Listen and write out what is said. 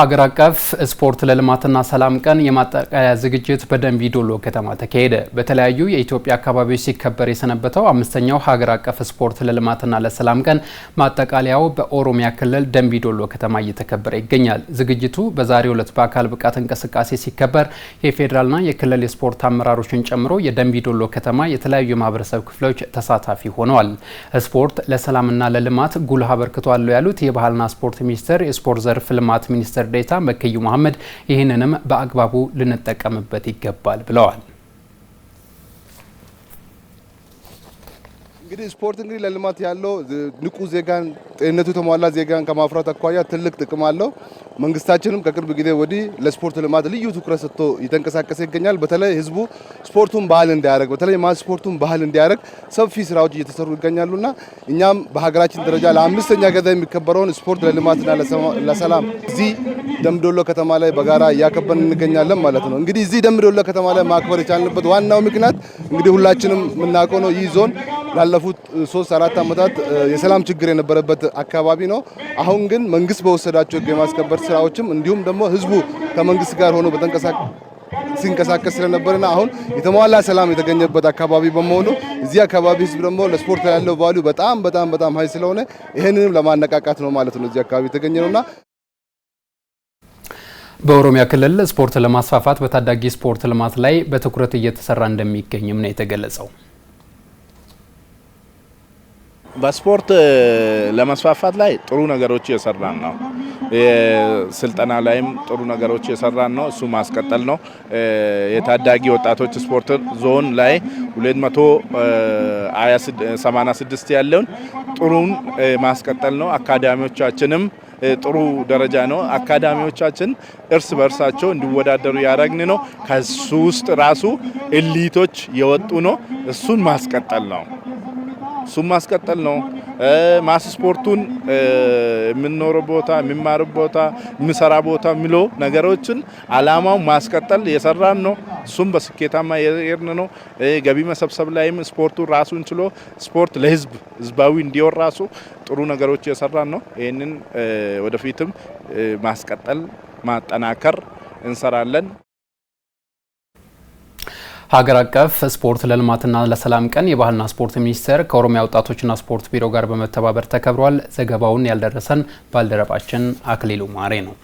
ሀገር አቀፍ ስፖርት ለልማትና ሰላም ቀን የማጠቃለያ ዝግጅት በደንቢ ዶሎ ከተማ ተካሄደ። በተለያዩ የኢትዮጵያ አካባቢዎች ሲከበር የሰነበተው አምስተኛው ሀገር አቀፍ ስፖርት ለልማትና ለሰላም ቀን ማጠቃለያው በኦሮሚያ ክልል ደንቢ ዶሎ ከተማ እየተከበረ ይገኛል። ዝግጅቱ በዛሬው ዕለት በአካል ብቃት እንቅስቃሴ ሲከበር የፌዴራልና የክልል የስፖርት አመራሮችን ጨምሮ የደንቢ ዶሎ ከተማ የተለያዩ የማህበረሰብ ክፍሎች ተሳታፊ ሆነዋል። ስፖርት ለሰላምና ለልማት ጉልህ አበርክቶ አለው ያሉት የባህልና ስፖርት ሚኒስቴር የስፖርት ዘርፍ ልማት ሚኒስቴር ሚኒስትር ዴኤታ መክዩ መሐመድ ይህንንም በአግባቡ ልንጠቀምበት ይገባል ብለዋል። እንግዲህ ስፖርት እንግዲህ ለልማት ያለው ንቁ ዜጋን ጤንነቱ የተሟላ ዜጋን ከማፍራት አኳያ ትልቅ ጥቅም አለው። መንግስታችንም ከቅርብ ጊዜ ወዲህ ለስፖርት ልማት ልዩ ትኩረት ሰጥቶ እየተንቀሳቀሰ ይገኛል። በተለይ ህዝቡ ስፖርቱን ባህል እንዲያደርግ በተለይ ማስ ስፖርቱን ባህል እንዲያደርግ ሰፊ ስራዎች እየተሰሩ ይገኛሉና እኛም በሀገራችን ደረጃ ለአምስተኛ ገዛ የሚከበረውን ስፖርት ለልማትና ለሰላም እዚህ ደምቢዶሎ ከተማ ላይ በጋራ እያከበን እንገኛለን ማለት ነው። እንግዲህ እዚህ ደምቢዶሎ ከተማ ላይ ማክበር የቻልንበት ዋናው ምክንያት እንግዲህ ሁላችንም የምናውቀው ነው ይህ ዞን ላለፉት ሶስት አራት ዓመታት የሰላም ችግር የነበረበት አካባቢ ነው። አሁን ግን መንግስት በወሰዳቸው ህግ የማስከበር ስራዎችም እንዲሁም ደግሞ ህዝቡ ከመንግስት ጋር ሆኖ ሲንቀሳቀስ ስለነበርና አሁን የተሟላ ሰላም የተገኘበት አካባቢ በመሆኑ እዚህ አካባቢ ህዝብ ደግሞ ለስፖርት ያለው ቫሉ በጣም በጣም በጣም ሀይ ስለሆነ ይህንንም ለማነቃቃት ነው ማለት ነው እዚህ አካባቢ የተገኘ ነውና በኦሮሚያ ክልል ስፖርት ለማስፋፋት በታዳጊ ስፖርት ልማት ላይ በትኩረት እየተሰራ እንደሚገኝም ነው የተገለጸው። በስፖርት ለመስፋፋት ላይ ጥሩ ነገሮች እየሰራን ነው። ስልጠና ላይም ጥሩ ነገሮች እየሰራን ነው። እሱ ማስቀጠል ነው። የታዳጊ ወጣቶች ስፖርት ዞን ላይ 286 ያለውን ጥሩን ማስቀጠል ነው። አካዳሚዎቻችንም ጥሩ ደረጃ ነው። አካዳሚዎቻችን እርስ በእርሳቸው እንዲወዳደሩ ያደረግን ነው። ከሱ ውስጥ ራሱ እሊቶች የወጡ ነው። እሱን ማስቀጠል ነው። እሱም ማስቀጠል ነው። ማስ ስፖርቱን የምንኖረው ቦታ፣ የሚማር ቦታ፣ የሚሰራ ቦታ የሚሎ ነገሮችን አላማው ማስቀጠል የሰራን ነው። እሱም በስኬታማ የሄድን ነው። ገቢ መሰብሰብ ላይም ስፖርቱ ራሱን ችሎ ስፖርት ለህዝብ ህዝባዊ እንዲወር ራሱ ጥሩ ነገሮች የሰራን ነው። ይህንን ወደፊትም ማስቀጠል ማጠናከር እንሰራለን። ሀገር አቀፍ ስፖርት ለልማትና ለሰላም ቀን የባህልና ስፖርት ሚኒስቴር ከኦሮሚያ ወጣቶችና ስፖርት ቢሮ ጋር በመተባበር ተከብሯል። ዘገባውን ያልደረሰን ባልደረባችን አክሊሉ ማሬ ነው።